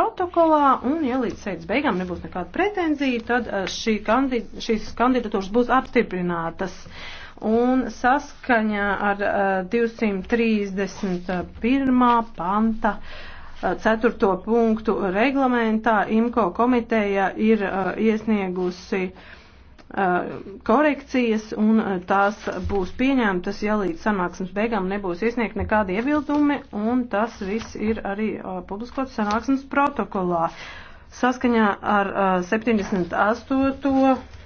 protokolā, un ja līdz sēdes beigām nebūs nekāda pretenzija, tad eh, šī kandid šīs kandidatūras būs apstiprinātas. Un saskaņā ar uh, eh, 231. panta uh, eh, 4. punktu reglamentā IMCO komiteja ir uh, iesniegusi uh, Uh, korekcijas un uh, tās būs pieņemtas, ja līdz sanāksmes beigām nebūs iesniegt nekādi iebildumi un tas viss ir arī uh, publiskots sanāksmes protokolā. Saskaņā ar 78.